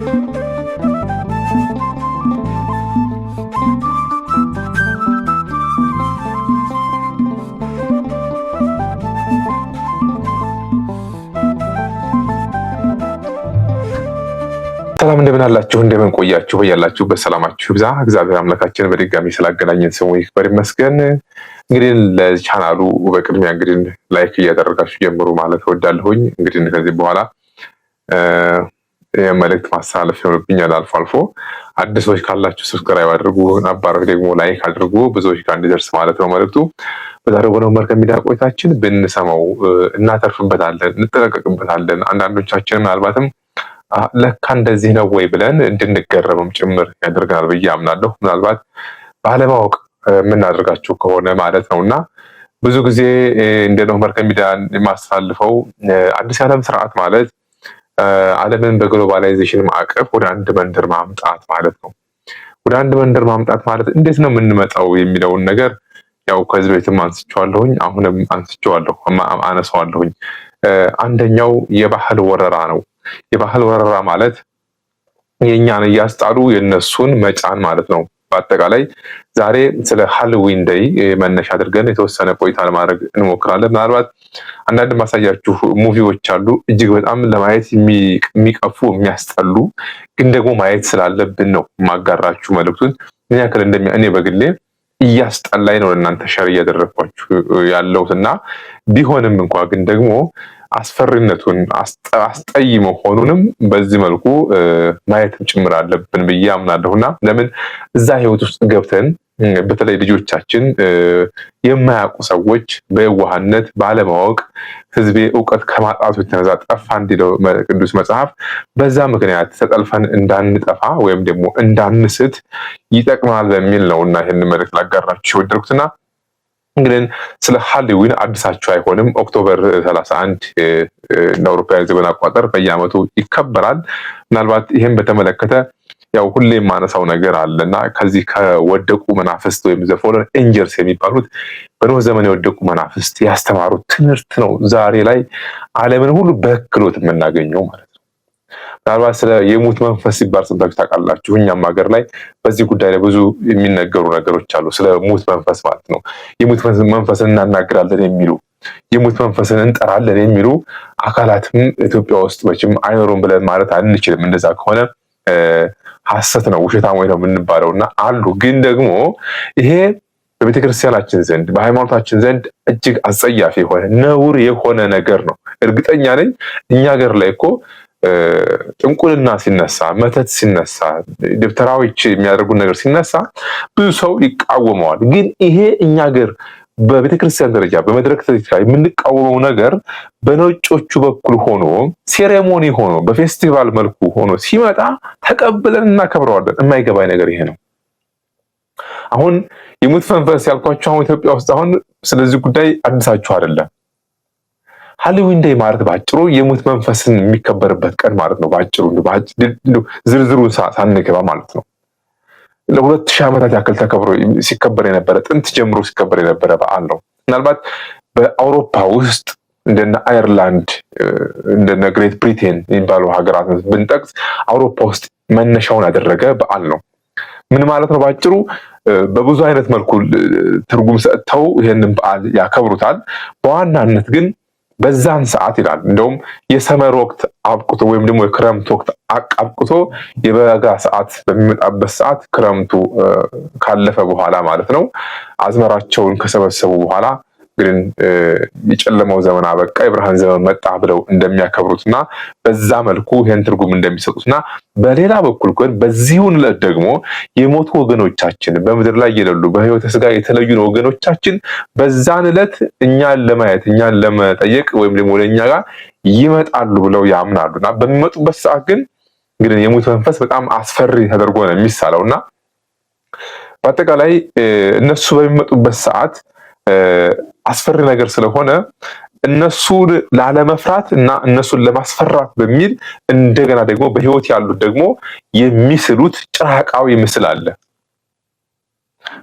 ሰላም እንደምን አላችሁ? እንደምን ቆያችሁ? በያላችሁበት ሰላማችሁ ብዛ። እግዚአብሔር አምላካችን በድጋሚ ስላገናኘን ስሙ ይክበር ይመስገን። እንግዲህ ለቻናሉ በቅድሚያ እንግዲህ ላይክ እያደረጋችሁ ጀምሩ ማለት እወዳለሁኝ። እንግዲህ ከዚህ በኋላ መልእክት ማስተላለፍ ይኖርብኛል። አልፎ አልፎ አዲሶች ካላችሁ ሰብስክራይብ አድርጉ፣ ነባሮች ደግሞ ላይክ አድርጉ፣ ብዙዎች ጋር እንዲደርስ ማለት ነው መልእክቱ። በዛሬው በነው መርከብ ሚዲያ ቆይታችን ብንሰማው እናተርፍበታለን፣ እንጠነቀቅበታለን። አንዳንዶቻችን ምናልባትም ለካ እንደዚህ ነው ወይ ብለን እንድንገረምም ጭምር ያደርገናል ብዬ አምናለሁ። ምናልባት ባለማወቅ የምናደርጋቸው ከሆነ ማለት ነው እና ብዙ ጊዜ እንደ ኖህ መርከብ ሚዲያ የማስተላልፈው አዲስ የዓለም ስርዓት ማለት ዓለምን በግሎባላይዜሽን ማዕቀፍ ወደ አንድ መንደር ማምጣት ማለት ነው። ወደ አንድ መንደር ማምጣት ማለት እንዴት ነው የምንመጣው የሚለውን ነገር ያው ከዚህ በፊትም አንስቼዋለሁኝ፣ አሁንም አንስቼዋለሁ፣ አነሳዋለሁኝ። አንደኛው የባህል ወረራ ነው። የባህል ወረራ ማለት የእኛን እያስጣሉ የእነሱን መጫን ማለት ነው። በአጠቃላይ ዛሬ ስለ ሃሎዊን ደይ መነሻ አድርገን የተወሰነ ቆይታ ለማድረግ እንሞክራለን። ምናልባት አንዳንድ ማሳያችሁ ሙቪዎች አሉ እጅግ በጣም ለማየት የሚቀፉ የሚያስጠሉ፣ ግን ደግሞ ማየት ስላለብን ነው ማጋራችሁ መልእክቱን ምን ያክል እንደሚያ እኔ በግሌ እያስጠላኝ ነው ለእናንተ ሸር እያደረግኳችሁ ያለሁት እና ቢሆንም እንኳ ግን ደግሞ አስፈሪነቱን አስጠይ መሆኑንም በዚህ መልኩ ማየትም ጭምር አለብን ብዬ አምናለሁና ለምን እዛ ህይወት ውስጥ ገብተን በተለይ ልጆቻችን የማያውቁ ሰዎች በየዋህነት ባለማወቅ ህዝቤ እውቀት ከማጣቱ የተነሳ ጠፋ እንዲለው ቅዱስ መጽሐፍ፣ በዛ ምክንያት ተጠልፈን እንዳንጠፋ ወይም ደግሞ እንዳንስት ይጠቅማል በሚል ነው እና ይህን መልዕክት ላጋራችሁ የወደድኩትና እንግዲህ ስለ ሃሎዊን አዲሳቸው አይሆንም። ኦክቶበር 31 እንደ አውሮፓውያን ዘመን አቆጣጠር በየአመቱ ይከበራል። ምናልባት ይህም በተመለከተ ያው ሁሌ የማነሳው ነገር አለ እና ከዚህ ከወደቁ መናፍስት ወይም ዘፎለን ኤንጀልስ የሚባሉት በኖህ ዘመን የወደቁ መናፍስት ያስተማሩት ትምህርት ነው ዛሬ ላይ ዓለምን ሁሉ በክሎት የምናገኘው ማለት ነው። ምናልባት ስለ የሞት መንፈስ ሲባል ሰምታችሁ ታውቃላችሁ። እኛም ሀገር ላይ በዚህ ጉዳይ ላይ ብዙ የሚነገሩ ነገሮች አሉ። ስለ ሞት መንፈስ ማለት ነው። የሞት መንፈስን እናናግራለን የሚሉ የሞት መንፈስን እንጠራለን የሚሉ አካላትም ኢትዮጵያ ውስጥ መቼም አይኖሩም ብለን ማለት አንችልም። እንደዛ ከሆነ ሐሰት ነው፣ ውሸታም ነው የምንባለው እና አሉ። ግን ደግሞ ይሄ በቤተክርስቲያናችን ዘንድ በሃይማኖታችን ዘንድ እጅግ አጸያፊ የሆነ ነውር የሆነ ነገር ነው። እርግጠኛ ነኝ እኛ ሀገር ላይ እኮ ጭንቁልና ሲነሳ መተት ሲነሳ ደብተራዎች የሚያደርጉን ነገር ሲነሳ ብዙ ሰው ይቃወመዋል። ግን ይሄ እኛ ሀገር በቤተክርስቲያን ደረጃ በመድረክ ላይ የምንቃወመው ነገር በነጮቹ በኩል ሆኖ ሴሬሞኒ ሆኖ በፌስቲቫል መልኩ ሆኖ ሲመጣ ተቀብለን እናከብረዋለን። የማይገባኝ ነገር ይሄ ነው። አሁን የሙት ፈንፈስ ያልኳቸው አሁን ኢትዮጵያ ውስጥ አሁን ስለዚህ ጉዳይ አዲሳችሁ አይደለም። ሃሎዊን ዴይ ማለት በአጭሩ የሙት መንፈስን የሚከበርበት ቀን ማለት ነው። በአጭሩ ዝርዝሩን ሳንገባ ማለት ነው። ለሁለት ሺህ ዓመታት ያክል ተከብሮ ሲከበር የነበረ ጥንት ጀምሮ ሲከበር የነበረ በዓል ነው። ምናልባት በአውሮፓ ውስጥ እንደነ አየርላንድ እንደነ ግሬት ብሪቴን የሚባሉ ሀገራት ብንጠቅስ አውሮፓ ውስጥ መነሻውን ያደረገ በዓል ነው። ምን ማለት ነው? በአጭሩ በብዙ አይነት መልኩ ትርጉም ሰጥተው ይህንን በዓል ያከብሩታል። በዋናነት ግን በዛን ሰዓት ይላል እንደውም የሰመር ወቅት አብቅቶ ወይም ደግሞ የክረምት ወቅት አብቅቶ የበጋ ሰዓት በሚመጣበት ሰዓት ክረምቱ ካለፈ በኋላ ማለት ነው አዝመራቸውን ከሰበሰቡ በኋላ ግን የጨለመው ዘመን አበቃ የብርሃን ዘመን መጣ ብለው እንደሚያከብሩትና በዛ መልኩ ይህን ትርጉም እንደሚሰጡትና በሌላ በኩል ግን በዚሁን ዕለት ደግሞ የሞቱ ወገኖቻችን በምድር ላይ የሌሉ በሕይወተ ሥጋ የተለዩን ወገኖቻችን በዛን ዕለት እኛን ለማየት እኛን ለመጠየቅ ወይም ደግሞ ለእኛ ጋር ይመጣሉ ብለው ያምናሉ እና በሚመጡበት ሰዓት ግን እንግዲህ የሞት መንፈስ በጣም አስፈሪ ተደርጎ ነው የሚሳለው እና በአጠቃላይ እነሱ በሚመጡበት ሰዓት አስፈሪ ነገር ስለሆነ እነሱን ላለመፍራት እና እነሱን ለማስፈራት በሚል እንደገና ደግሞ በህይወት ያሉት ደግሞ የሚስሉት ጭራቃዊ ምስል አለ።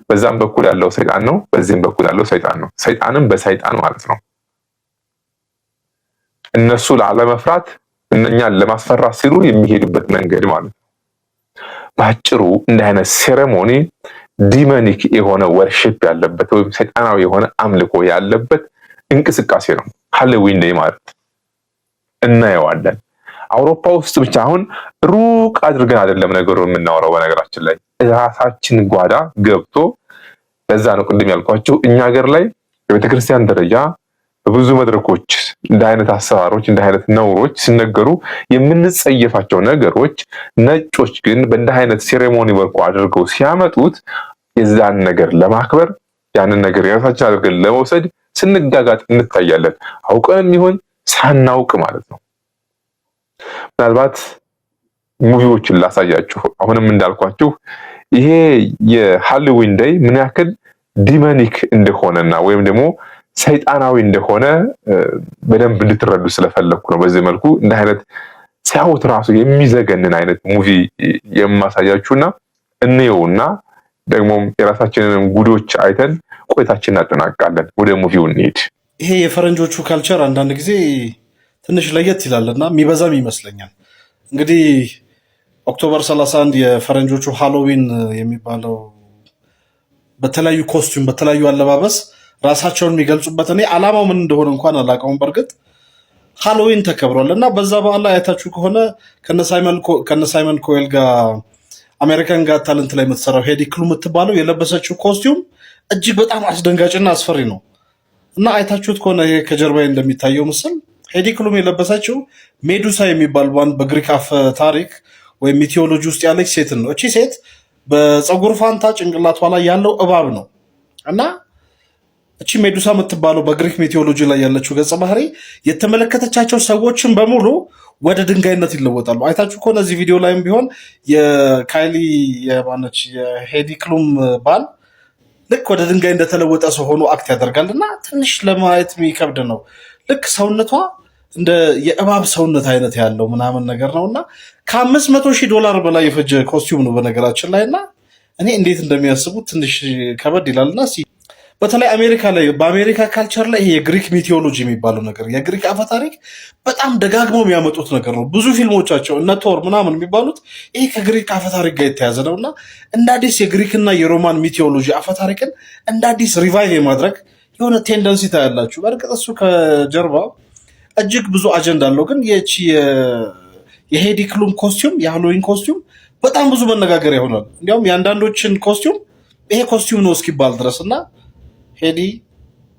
በዛም በኩል ያለው ሰይጣን ነው፣ በዚህም በኩል ያለው ሰይጣን ነው። ሰይጣንም በሰይጣን ማለት ነው። እነሱ ላለመፍራት እነኛን ለማስፈራት ሲሉ የሚሄዱበት መንገድ ማለት ነው። በአጭሩ እንዲህ አይነት ሴሬሞኒ ዲመኒክ የሆነ ወርሽፕ ያለበት ወይም ሰይጣናዊ የሆነ አምልኮ ያለበት እንቅስቃሴ ነው። ሃሎዊን ዴይ ማለት እናየዋለን። አውሮፓ ውስጥ ብቻ አሁን ሩቅ አድርገን አይደለም ነገሩ የምናወራው። በነገራችን ላይ ራሳችን ጓዳ ገብቶ ለዛ ነው ቅድም ያልኳቸው እኛ ሀገር ላይ በቤተክርስቲያን ደረጃ በብዙ መድረኮች እንደ አይነት አሰራሮች እንደ አይነት ነውሮች ሲነገሩ የምንጸየፋቸው ነገሮች ነጮች ግን በእንደ አይነት ሴሬሞኒ መልኩ አድርገው ሲያመጡት የዛን ነገር ለማክበር ያንን ነገር የራሳችን አድርገን ለመውሰድ ስንጋጋጥ እንታያለን። አውቀንም ይሆን ሳናውቅ ማለት ነው። ምናልባት ሙቪዎችን ላሳያችሁ። አሁንም እንዳልኳችሁ ይሄ የሃሊዊን ደይ ምን ያክል ዲመኒክ እንደሆነና ወይም ደግሞ ሰይጣናዊ እንደሆነ በደንብ እንድትረዱ ስለፈለግኩ ነው። በዚህ መልኩ እንደ አይነት ሲያዩት ራሱ የሚዘገንን አይነት ሙቪ የማሳያችሁና እንየውና ደግሞም የራሳችንንም ጉዶች አይተን ቆይታችን እናጠናቃለን። ወደ ሙቪው እንሄድ። ይሄ የፈረንጆቹ ካልቸር አንዳንድ ጊዜ ትንሽ ለየት ይላል እና የሚበዛም ይመስለኛል። እንግዲህ ኦክቶበር 31 የፈረንጆቹ ሃሎዊን የሚባለው በተለያዩ ኮስቱም በተለያዩ አለባበስ ራሳቸውን የሚገልጹበት እኔ አላማው ምን እንደሆነ እንኳን አላውቀውም። በእርግጥ ሃሎዊን ተከብሯል እና በዛ በዓል ላይ አይታችሁ ከሆነ ከነ ሳይመን ኮዌል ጋር አሜሪካን ጋር ታለንት ላይ የምትሰራው ሄዲ ክሉ የምትባለው የለበሰችው ኮስቲዩም እጅግ በጣም አስደንጋጭና አስፈሪ ነው እና አይታችሁት ከሆነ ይሄ ከጀርባ እንደሚታየው ምስል ሄዲ ክሉም የለበሰችው ሜዱሳ የሚባል ባንድ በግሪክ አፈ ታሪክ ወይም ሚቴዎሎጂ ውስጥ ያለች ሴትን ነው። እቺ ሴት በፀጉር ፋንታ ጭንቅላቷ ላይ ያለው እባብ ነው እና እቺ ሜዱሳ የምትባለው በግሪክ ሜቴዎሎጂ ላይ ያለችው ገጸ ባህሪ የተመለከተቻቸው ሰዎችን በሙሉ ወደ ድንጋይነት ይለወጣሉ። አይታችሁ ከሆነ እዚህ ቪዲዮ ላይም ቢሆን የካይሊ የማነች የሄዲ ክሉም ባል ልክ ወደ ድንጋይ እንደተለወጠ ሰው ሆኖ አክት ያደርጋል እና ትንሽ ለማየት የሚከብድ ነው። ልክ ሰውነቷ እንደ የእባብ ሰውነት አይነት ያለው ምናምን ነገር ነው እና ከአምስት መቶ ሺህ ዶላር በላይ የፈጀ ኮስቲዩም ነው በነገራችን ላይ እና እኔ እንዴት እንደሚያስቡት ትንሽ ከበድ ይላል እና በተለይ አሜሪካ ላይ በአሜሪካ ካልቸር ላይ ይሄ የግሪክ ሚቴዎሎጂ የሚባለው ነገር የግሪክ አፈ ታሪክ በጣም ደጋግመው የሚያመጡት ነገር ነው። ብዙ ፊልሞቻቸው እነ ቶር ምናምን የሚባሉት ይሄ ከግሪክ አፈ ታሪክ ጋር የተያዘ ነው እና እንደ አዲስ የግሪክና የሮማን ሚቴዎሎጂ አፈ ታሪክን እንደ አዲስ ሪቫይቭ የማድረግ የሆነ ቴንደንሲ ታያላችሁ። በእርግጥ እሱ ከጀርባ እጅግ ብዙ አጀንዳ አለው። ግን ይቺ የሄዲ ክሉም ኮስቲዩም የሃሎዊን ኮስቲዩም በጣም ብዙ መነጋገር ይሆናል። እንዲያውም የአንዳንዶችን ኮስቲዩም ይሄ ኮስቱም ነው እስኪባል ድረስ እና ሄዲ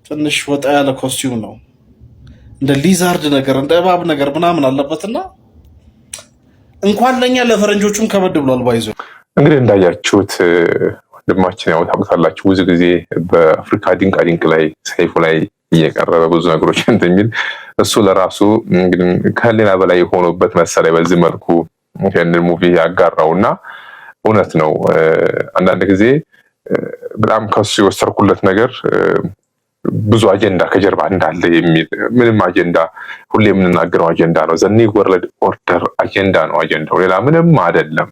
ትንሽ ወጣ ያለ ኮስቲዩም ነው። እንደ ሊዛርድ ነገር እንደ እባብ ነገር ምናምን አለበትና እንኳን ለእኛ ለፈረንጆቹም ከበድ ብሏል። ባይዞ እንግዲህ እንዳያችሁት ወንድማችን ያው ታውቁታላችሁ፣ ብዙ ጊዜ በአፍሪካ ድንቃ ድንቅ ላይ ሰይፉ ላይ እየቀረበ ብዙ ነገሮች እንደሚል እሱ ለራሱ ከሌላ ከህሊና በላይ የሆኑበት መሰለኝ በዚህ መልኩ ይህንን ሙቪ ያጋራው እና እውነት ነው አንዳንድ ጊዜ በጣም ከሱ የወሰድኩለት ነገር ብዙ አጀንዳ ከጀርባ እንዳለ የሚል ምንም አጀንዳ ሁሌ የምንናገረው አጀንዳ ነው። ዘኒ ወርልድ ኦርደር አጀንዳ ነው አጀንዳው፣ ሌላ ምንም አይደለም።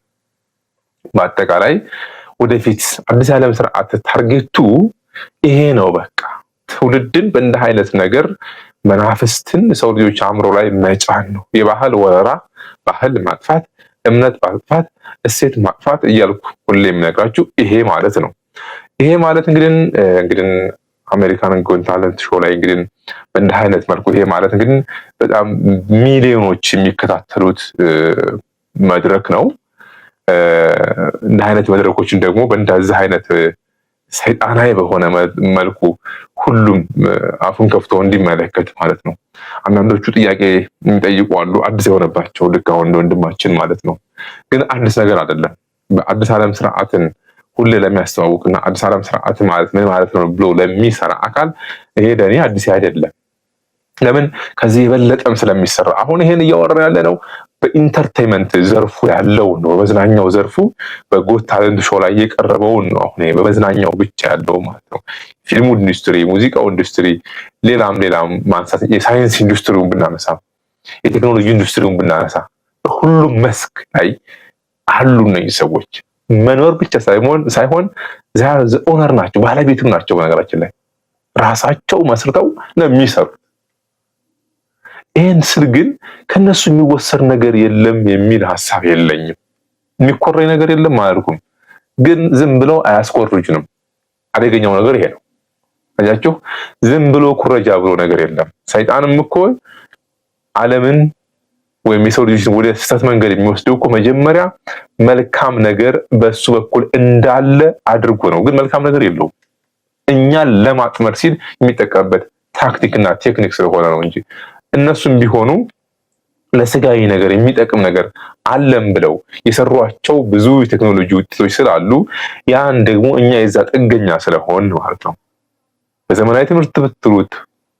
በአጠቃላይ ወደፊት አዲስ ዓለም ስርዓት ታርጌቱ ይሄ ነው። በቃ ትውልድን በእንዲህ አይነት ነገር መናፍስትን ሰው ልጆች አእምሮ ላይ መጫን ነው። የባህል ወረራ፣ ባህል ማጥፋት፣ እምነት ማጥፋት፣ እሴት ማጥፋት እያልኩ ሁሌ የምነግራችሁ ይሄ ማለት ነው። ይሄ ማለት እንግዲህ እንግዲህ አሜሪካን ጎን ታለንት ሾው ላይ እንግዲህ በእንዲህ አይነት መልኩ ይሄ ማለት እንግዲህ በጣም ሚሊዮኖች የሚከታተሉት መድረክ ነው። እንዲህ አይነት መድረኮችን ደግሞ በእንዳዚህ አይነት ሰይጣናዊ በሆነ መልኩ ሁሉም አፉን ከፍቶ እንዲመለከት ማለት ነው። አንዳንዶቹ ጥያቄ የሚጠይቁ አሉ፣ አዲስ የሆነባቸው ልክ አሁን ወንድማችን ማለት ነው። ግን አዲስ ነገር አይደለም። በአዲስ ዓለም ስርዓትን ሁሌ ለሚያስተዋውቅና አዲስ ዓለም ስርዓት ማለት ምን ማለት ነው ብሎ ለሚሰራ አካል ይሄ ለእኔ አዲስ አይደለም። ለምን ከዚህ የበለጠም ስለሚሰራ አሁን ይሄን እያወራ ያለ ነው። በኢንተርቴንመንት ዘርፉ ያለውን ነው፣ በመዝናኛው ዘርፉ በጎት ታለንት ሾ ላይ የቀረበውን ነው። አሁን በመዝናኛው ብቻ ያለው ማለት ነው። ፊልሙ ኢንዱስትሪ፣ ሙዚቃው ኢንዱስትሪ፣ ሌላም ሌላም ማንሳት የሳይንስ ኢንዱስትሪውን ብናነሳ፣ የቴክኖሎጂ ኢንዱስትሪውን ብናነሳ፣ በሁሉም መስክ ላይ አሉ እነዚህ ሰዎች። መኖር ብቻ ሳይሆን ኦነር ናቸው፣ ባለቤትም ናቸው። በነገራችን ላይ ራሳቸው መስርተው ነው የሚሰሩ። ይህን ስል ግን ከነሱ የሚወሰድ ነገር የለም የሚል ሀሳብ የለኝም። የሚኮረኝ ነገር የለም አያልኩም፣ ግን ዝም ብለው አያስኮርጅንም። አደገኛው ነገር ይሄ ነው። አያችሁ፣ ዝም ብሎ ኩረጃ ብሎ ነገር የለም። ሰይጣንም እኮ ዓለምን ወይም የሰው ልጆች ወደ ስህተት መንገድ የሚወስደው እኮ መጀመሪያ መልካም ነገር በሱ በኩል እንዳለ አድርጎ ነው። ግን መልካም ነገር የለውም። እኛን ለማጥመር ሲል የሚጠቀምበት ታክቲክና ቴክኒክ ስለሆነ ነው እንጂ እነሱም ቢሆኑ ለስጋዊ ነገር የሚጠቅም ነገር አለም ብለው የሰሯቸው ብዙ የቴክኖሎጂ ውጤቶች ስላሉ ያን ደግሞ እኛ የዛ ጥገኛ ስለሆን ማለት ነው። በዘመናዊ ትምህርት ብትሉት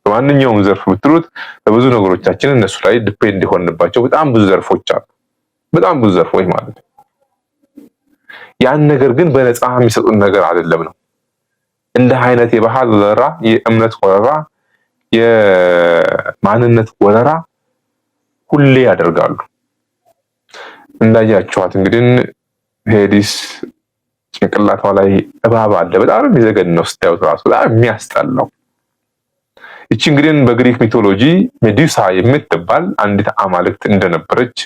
በማንኛውም ዘርፍ ብትሉት በብዙ ነገሮቻችን እነሱ ላይ ዲፔንድ የሆንባቸው በጣም ብዙ ዘርፎች አሉ። በጣም ብዙ ዘርፎች ማለት ነው። ያን ነገር ግን በነፃ የሚሰጡን ነገር አይደለም ነው። እንደ አይነት የባህል ወረራ፣ የእምነት ወረራ፣ የማንነት ወረራ ሁሌ ያደርጋሉ። እንዳያችኋት እንግዲህ ሄዲስ ጭንቅላቷ ላይ እባብ አለ። በጣም የሚዘገን ነው ስታዩት ራሱ በጣም የሚያስጠላው እቺ እንግዲህ በግሪክ ሚቶሎጂ ሜዲሳ የምትባል አንዲት አማልክት እንደነበረች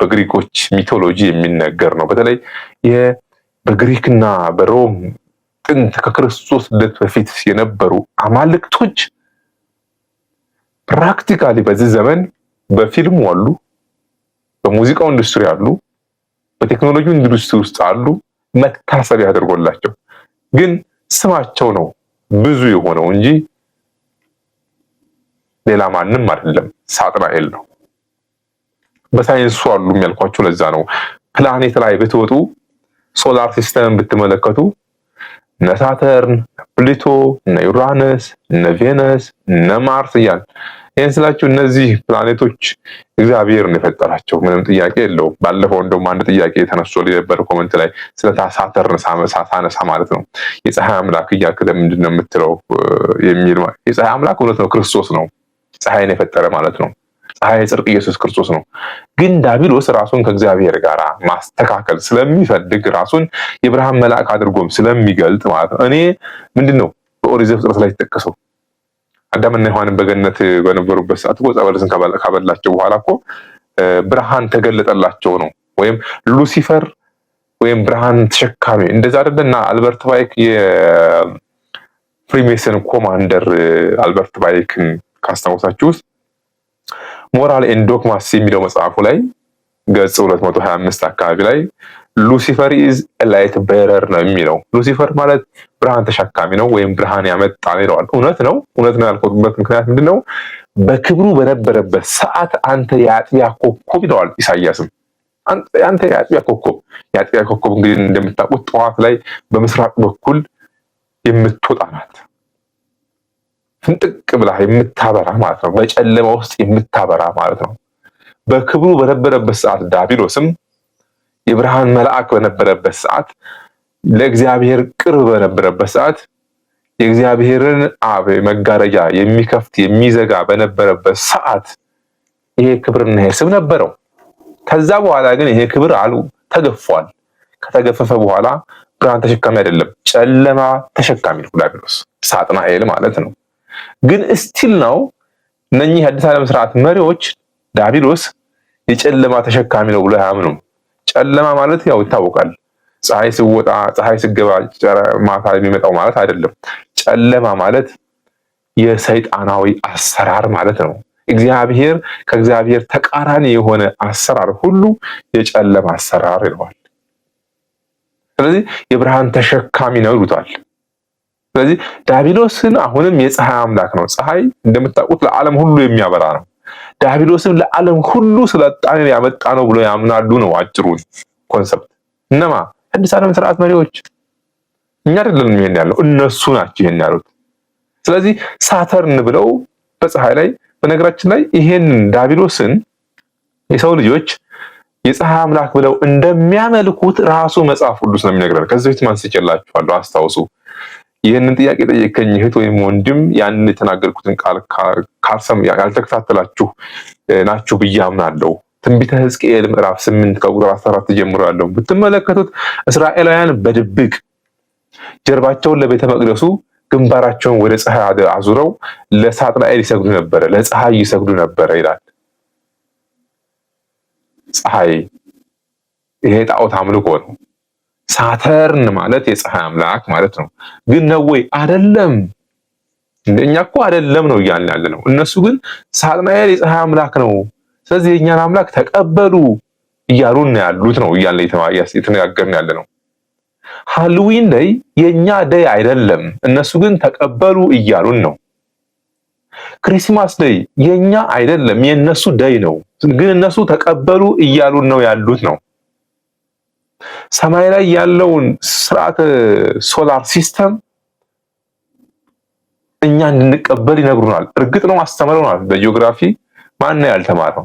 በግሪኮች ሚቶሎጂ የሚነገር ነው። በተለይ በግሪክና በሮም ጥንት ከክርስቶስ ልደት በፊት የነበሩ አማልክቶች ፕራክቲካሊ በዚህ ዘመን በፊልሙ አሉ፣ በሙዚቃው ኢንዱስትሪ አሉ፣ በቴክኖሎጂ ኢንዱስትሪ ውስጥ አሉ። መታሰቢያ አድርጎላቸው ግን ስማቸው ነው ብዙ የሆነው እንጂ ሌላ ማንም አይደለም፣ ሳጥናኤል ነው። በሳይንሱ አሉ የሚያልኳቸው ለዛ ነው። ፕላኔት ላይ ብትወጡ ሶላር ሲስተምን ብትመለከቱ እነ ሳተርን፣ ፕሉቶ፣ እነ ዩራነስ፣ እነ ቬነስ፣ እነ ማርስ እያል ይህን ስላችሁ እነዚህ ፕላኔቶች እግዚአብሔርን የፈጠራቸው። ምንም ጥያቄ የለውም። ባለፈው እንደውም አንድ ጥያቄ ተነስቶ ሊነበር ኮመንት ላይ ስለታ ሳተርን ሳነሳ ማለት ነው የፀሐይ አምላክ እያልክ ለምንድን ነው የምትለው የሚል የፀሐይ አምላክ እውነት ነው ክርስቶስ ነው ፀሐይን የፈጠረ ማለት ነው። ፀሐይ ጽድቅ ኢየሱስ ክርስቶስ ነው። ግን ዳቢሎስ ራሱን ከእግዚአብሔር ጋር ማስተካከል ስለሚፈልግ ራሱን የብርሃን መልአክ አድርጎም ስለሚገልጥ ማለት ነው። እኔ ምንድን ነው በኦሪት ዘፍጥረት ላይ ተጠቀሰው አዳምና ሔዋንን በገነት በነበሩበት ሰዓት እኮ ዕፀ በለስን ካበላቸው በኋላ እኮ ብርሃን ተገለጠላቸው ነው። ወይም ሉሲፈር ወይም ብርሃን ተሸካሚ እንደዛ አይደለና አልበርት ባይክ የፍሪሜሰን ኮማንደር አልበርት ባይክን ካስታወሳችሁ ውስጥ ሞራል ኤንድ ዶግማስ የሚለው መጽሐፉ ላይ ገጽ 225 አካባቢ ላይ ሉሲፈር ኢዝ ላይት ቤረር ነው የሚለው። ሉሲፈር ማለት ብርሃን ተሸካሚ ነው ወይም ብርሃን ያመጣ ነው ይለዋል። እውነት ነው። እውነት ነው ያልኩበት ምክንያት ምንድን ነው? በክብሩ በነበረበት ሰዓት አንተ የአጥቢያ ኮከብ ይለዋል ኢሳያስም። አንተ የአጥቢያ ኮከብ። የአጥቢያ ኮከብ እንግዲህ እንደምታውቁት ጠዋት ላይ በምስራቅ በኩል የምትወጣ ናት። ፍንጥቅ ብላ የምታበራ ማለት ነው። በጨለማ ውስጥ የምታበራ ማለት ነው። በክብሩ በነበረበት ሰዓት ዳቢሎስም የብርሃን መልአክ በነበረበት ሰዓት ለእግዚአብሔር ቅርብ በነበረበት ሰዓት የእግዚአብሔርን አብ መጋረጃ የሚከፍት የሚዘጋ በነበረበት ሰዓት ይሄ ክብርና ይሄ ስም ነበረው። ከዛ በኋላ ግን ይሄ ክብር አሉ ተገፏል። ከተገፈፈ በኋላ ብርሃን ተሸካሚ አይደለም፣ ጨለማ ተሸካሚ ነው ዲያብሎስ ሳጥናኤል ማለት ነው። ግን እስቲል ነው እነኚህ የአዲስ ዓለም ስርዓት መሪዎች ዳቢሎስ የጨለማ ተሸካሚ ነው ብሎ አያምኑም። ጨለማ ማለት ያው ይታወቃል፣ ፀሐይ ስወጣ ፀሐይ ስገባ ማታ የሚመጣው ማለት አይደለም። ጨለማ ማለት የሰይጣናዊ አሰራር ማለት ነው። እግዚአብሔር ከእግዚአብሔር ተቃራኒ የሆነ አሰራር ሁሉ የጨለማ አሰራር ይለዋል። ስለዚህ የብርሃን ተሸካሚ ነው ይሉታል። ስለዚህ ዳቢሎስን አሁንም የፀሐይ አምላክ ነው። ፀሐይ እንደምታውቁት ለዓለም ሁሉ የሚያበራ ነው። ዳቢሎስም ለዓለም ሁሉ ስልጣኔን ያመጣ ነው ብሎ ያምናሉ ነው አጭሩ ኮንሰፕት። እነማ አዲስ ዓለም ስርዓት መሪዎች እኛ አይደለም ይሄን ያለው እነሱ ናቸው ይሄን ያሉት። ስለዚህ ሳተርን ብለው በፀሐይ ላይ በነገራችን ላይ ይሄን ዳቢሎስን የሰው ልጆች የፀሐይ አምላክ ብለው እንደሚያመልኩት ራሱ መጽሐፍ ቅዱስ ነው የሚነግረን። ከዚህ በፊት ማንስቼላችኋለሁ አስታውሱ። ይህንን ጥያቄ ጠየቀኝ እህት ወይም ወንድም ያን የተናገርኩትን ቃል ያልተከታተላችሁ ናችሁ ብዬ አምናለሁ። ትንቢተ ሕዝቅኤል ምዕራፍ ስምንት ከቁጥር አስራ አራት ጀምሮ ያለው ብትመለከቱት እስራኤላውያን በድብቅ ጀርባቸውን ለቤተ መቅደሱ ግንባራቸውን ወደ ፀሐይ አዙረው ለሳጥናኤል ይሰግዱ ነበረ፣ ለፀሐይ ይሰግዱ ነበረ ይላል። ፀሐይ ይሄ ጣዖት አምልኮ ነው። ሳተርን ማለት የፀሐይ አምላክ ማለት ነው። ግን ነው ወይ? አይደለም። እንደኛ እኮ አይደለም ነው እያልን ያለ ነው። እነሱ ግን ሳጥናኤል የፀሐይ አምላክ ነው፣ ስለዚህ የእኛን አምላክ ተቀበሉ እያሉን ያሉት ነው እያልን የተነጋገርን ያለ ነው። ሃሎዊን ላይ የእኛ ደይ አይደለም፣ እነሱ ግን ተቀበሉ እያሉን ነው። ክሪስማስ ደይ የእኛ አይደለም፣ የእነሱ ደይ ነው፣ ግን እነሱ ተቀበሉ እያሉን ነው ያሉት ነው። ሰማይ ላይ ያለውን ስርዓተ ሶላር ሲስተም እኛ እንድንቀበል ይነግሩናል። እርግጥ ነው አስተምረውናል። በጂኦግራፊ ማን ነው ያልተማረው?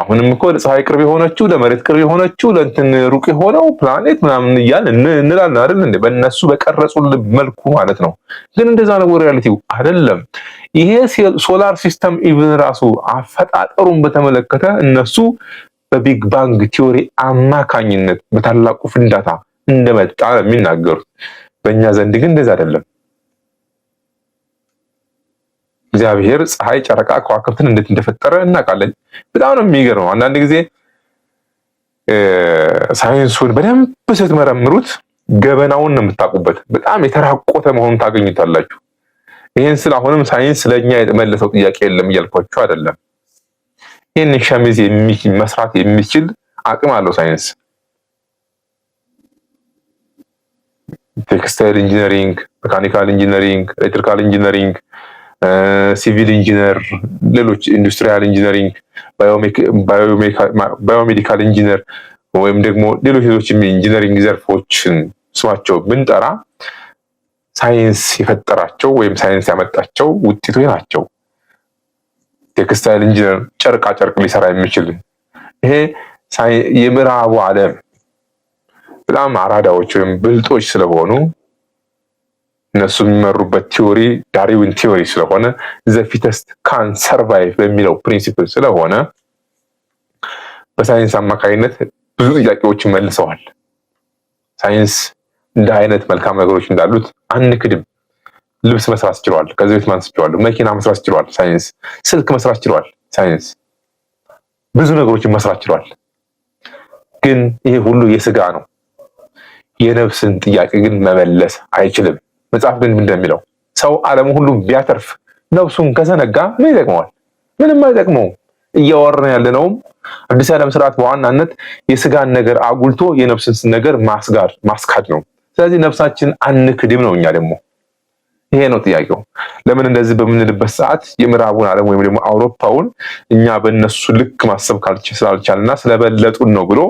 አሁንም እኮ ለፀሐይ ቅርብ የሆነችው ለመሬት ቅርብ የሆነችው ለእንትን ሩቅ የሆነው ፕላኔት ምናምን እያልን እንላለን አይደል እንዴ? በእነሱ በቀረጹ መልኩ ማለት ነው። ግን እንደዛ ነው ሪያሊቲው አይደለም። ይሄ ሶላር ሲስተም ኢቭን ራሱ አፈጣጠሩን በተመለከተ እነሱ በቢግ ባንግ ቲዮሪ አማካኝነት በታላቁ ፍንዳታ እንደመጣ ነው የሚናገሩት። በእኛ ዘንድ ግን እንደዚህ አይደለም። እግዚአብሔር ፀሐይ፣ ጨረቃ፣ ከዋክብትን እንዴት እንደፈጠረ እናውቃለን። በጣም ነው የሚገርመው። አንዳንድ ጊዜ ሳይንሱን በደንብ ስትመረምሩት ገበናውን ነው የምታውቁበት። በጣም የተራቆተ መሆኑን ታገኙታላችሁ። ይህን ስል አሁንም ሳይንስ ለእኛ የመለሰው ጥያቄ የለም እያልኳችሁ አይደለም። ይህን ሸሚዝ መስራት የሚችል አቅም አለው ሳይንስ። ቴክስታይል ኢንጂነሪንግ፣ መካኒካል ኢንጂነሪንግ፣ ኤሌክትሪካል ኢንጂነሪንግ፣ ሲቪል ኢንጂነር፣ ሌሎች ኢንዱስትሪያል ኢንጂነሪንግ፣ ባዮሜዲካል ኢንጂነር ወይም ደግሞ ሌሎች ሌሎች ኢንጂነሪንግ ዘርፎችን ስማቸው ብንጠራ ሳይንስ የፈጠራቸው ወይም ሳይንስ ያመጣቸው ውጤቶች ናቸው። ቴክስታይል ኢንጂነር ጨርቃ ጨርቅ ሊሰራ የሚችል ይሄ የምዕራቡ ዓለም በጣም አራዳዎች ወይም ብልጦች ስለሆኑ እነሱ የሚመሩበት ቲዮሪ ዳርዊን ቲዮሪ ስለሆነ ዘፊተስት ካን ሰርቫይቭ በሚለው ፕሪንሲፕል ስለሆነ በሳይንስ አማካኝነት ብዙ ጥያቄዎች መልሰዋል። ሳይንስ እንደ አይነት መልካም ነገሮች እንዳሉት አንክድም። ልብስ መስራት ችሏል። ከዚህ ቤት ማንስ ችሏል። መኪና መስራት ችሏል። ሳይንስ ስልክ መስራት ችሏል። ሳይንስ ብዙ ነገሮችን መስራት ችሏል። ግን ይሄ ሁሉ የስጋ ነው። የነፍስን ጥያቄ ግን መመለስ አይችልም። መጽሐፍ ግን እንደሚለው ሰው ዓለም ሁሉ ቢያተርፍ ነፍሱን ከዘነጋ ምን ይጠቅመዋል? ምንም አይጠቅመውም። እያወራን ያለነውም አዲስ ዓለም ስርዓት በዋናነት የስጋን ነገር አጉልቶ የነፍስን ነገር ማስጋድ ማስካድ ነው። ስለዚህ ነፍሳችን አንክድም ነው እኛ ደግሞ ይሄ ነው ጥያቄው። ለምን እንደዚህ በምንልበት ሰዓት የምዕራቡን ዓለም ወይም ደግሞ አውሮፓውን እኛ በእነሱ ልክ ማሰብ ስላልቻልና ስለበለጡን ነው ብሎ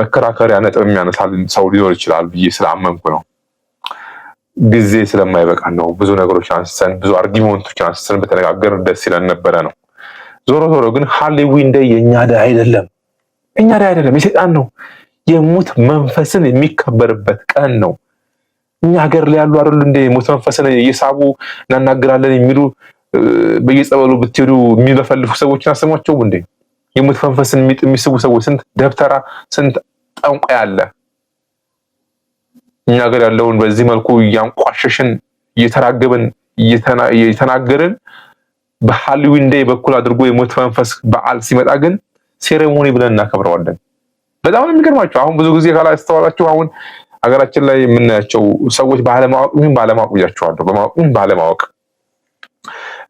መከራከሪያ ነጥብ የሚያነሳል ሰው ሊኖር ይችላል ብዬ ስላመንኩ ነው። ጊዜ ስለማይበቃ ነው። ብዙ ነገሮች አንስተን ብዙ አርጊመንቶች አንስተን በተነጋገር ደስ ይለን ነበረ ነው። ዞሮ ዞሮ ግን ሃሌዊን እንደ የእኛ ደይ አይደለም፣ እኛ ደይ አይደለም፣ የሰይጣን ነው። የሙት መንፈስን የሚከበርበት ቀን ነው። እኛ ሀገር ላይ ያሉ አይደሉ እንደ ሞት መንፈስን እየሳቡ እናናግራለን የሚሉ በየጸበሉ ብትሄዱ የሚለፈልፉ ሰዎችን አሰማቸውም እንዴ? የሞት መንፈስን የሚስቡ ሰዎች ስንት ደብተራ ስንት ጠንቋ ያለ እኛ ሀገር ያለውን በዚህ መልኩ እያንቋሸሽን እየተራገብን እየተናገርን በሃሊዊን ዴይ በኩል አድርጎ የሞት መንፈስ በዓል ሲመጣ ግን ሴሬሞኒ ብለን እናከብረዋለን። በጣም ነው የሚገርማቸው። አሁን ብዙ ጊዜ ካላስተዋላችሁ አሁን ሀገራችን ላይ የምናያቸው ሰዎች ባለማወቅ ይሁን ባለማወቅ ብያቸዋለሁ፣ በማወቅ ይሁን ባለማወቅ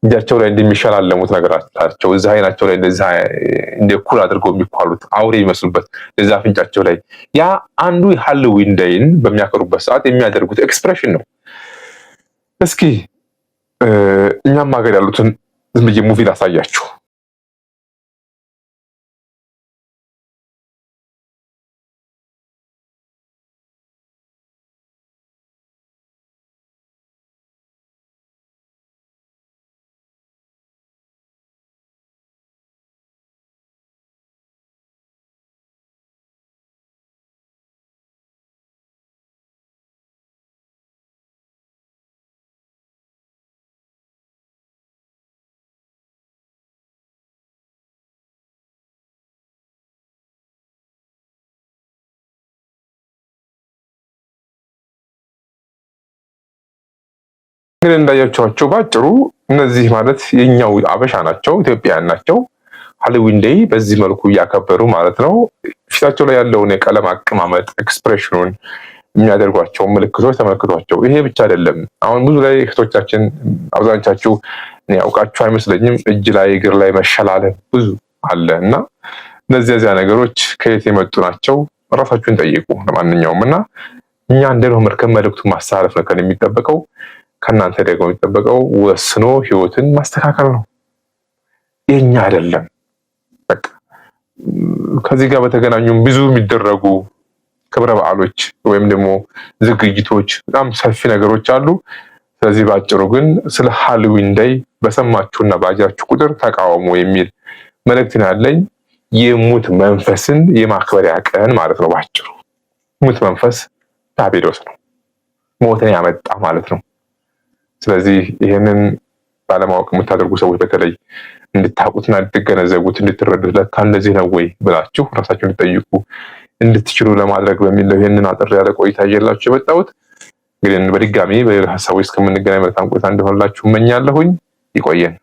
እጃቸው ላይ እንደሚሸላለሙት ነገር አላቸው። እዚህ አይናቸው ላይ እንደ ኩል አድርገው የሚኳሉት አውሬ የሚመስሉበት እዛ አፍንጫቸው ላይ ያ አንዱ ሃሎዊን ዳይን በሚያከሩበት ሰዓት የሚያደርጉት ኤክስፕሬሽን ነው። እስኪ እኛም ሀገር ያሉትን ዝም ብዬ ሙቪ ላሳያችሁ። እንግዲህ እንዳያቸዋቸው በአጭሩ እነዚህ ማለት የኛው አበሻ ናቸው፣ ኢትዮጵያውያን ናቸው። ሀሊዊን ዴይ በዚህ መልኩ እያከበሩ ማለት ነው። ፊታቸው ላይ ያለውን የቀለም አቀማመጥ ኤክስፕሬሽኑን፣ የሚያደርጓቸውን ምልክቶች ተመልክቷቸው። ይሄ ብቻ አይደለም። አሁን ብዙ ላይ እህቶቻችን አብዛኞቻችሁ ያውቃችሁ አይመስለኝም። እጅ ላይ እግር ላይ መሸላለን ብዙ አለ እና እነዚህ ዚያ ነገሮች ከየት የመጡ ናቸው? ራሳችሁን ጠይቁ። ለማንኛውም እና እኛ እንደነው ምርከብ መልእክቱን ማስተላለፍ ነው የሚጠበቀው ከእናንተ ደግሞ የሚጠበቀው ወስኖ ህይወትን ማስተካከል ነው። የኛ አይደለም። በቃ ከዚህ ጋር በተገናኙም ብዙ የሚደረጉ ክብረ በዓሎች ወይም ደግሞ ዝግጅቶች፣ በጣም ሰፊ ነገሮች አሉ። ስለዚህ በአጭሩ ግን ስለ ሃሎዊን ዴይ በሰማችሁና በአጃችሁ ቁጥር ተቃውሞ የሚል መልእክትን ያለኝ የሙት መንፈስን የማክበሪያ ቀን ማለት ነው። ባጭሩ ሙት መንፈስ ዲያብሎስ ነው፣ ሞትን ያመጣ ማለት ነው። ስለዚህ ይህንን ባለማወቅ የምታደርጉ ሰዎች በተለይ እንድታውቁትና እንድትገነዘቡት እንድትረዱት ለካ እንደዚህ ነው ወይ ብላችሁ ራሳችሁ እንድጠይቁ እንድትችሉ ለማድረግ በሚለው ይህንን አጠር ያለ ቆይታ እየላችሁ የመጣሁት። እንግዲህ በድጋሚ በሌላ ሀሳቦች እስከምንገናኝ መልካም ቆይታ እንዲሆንላችሁ እመኛለሁኝ። ይቆየን።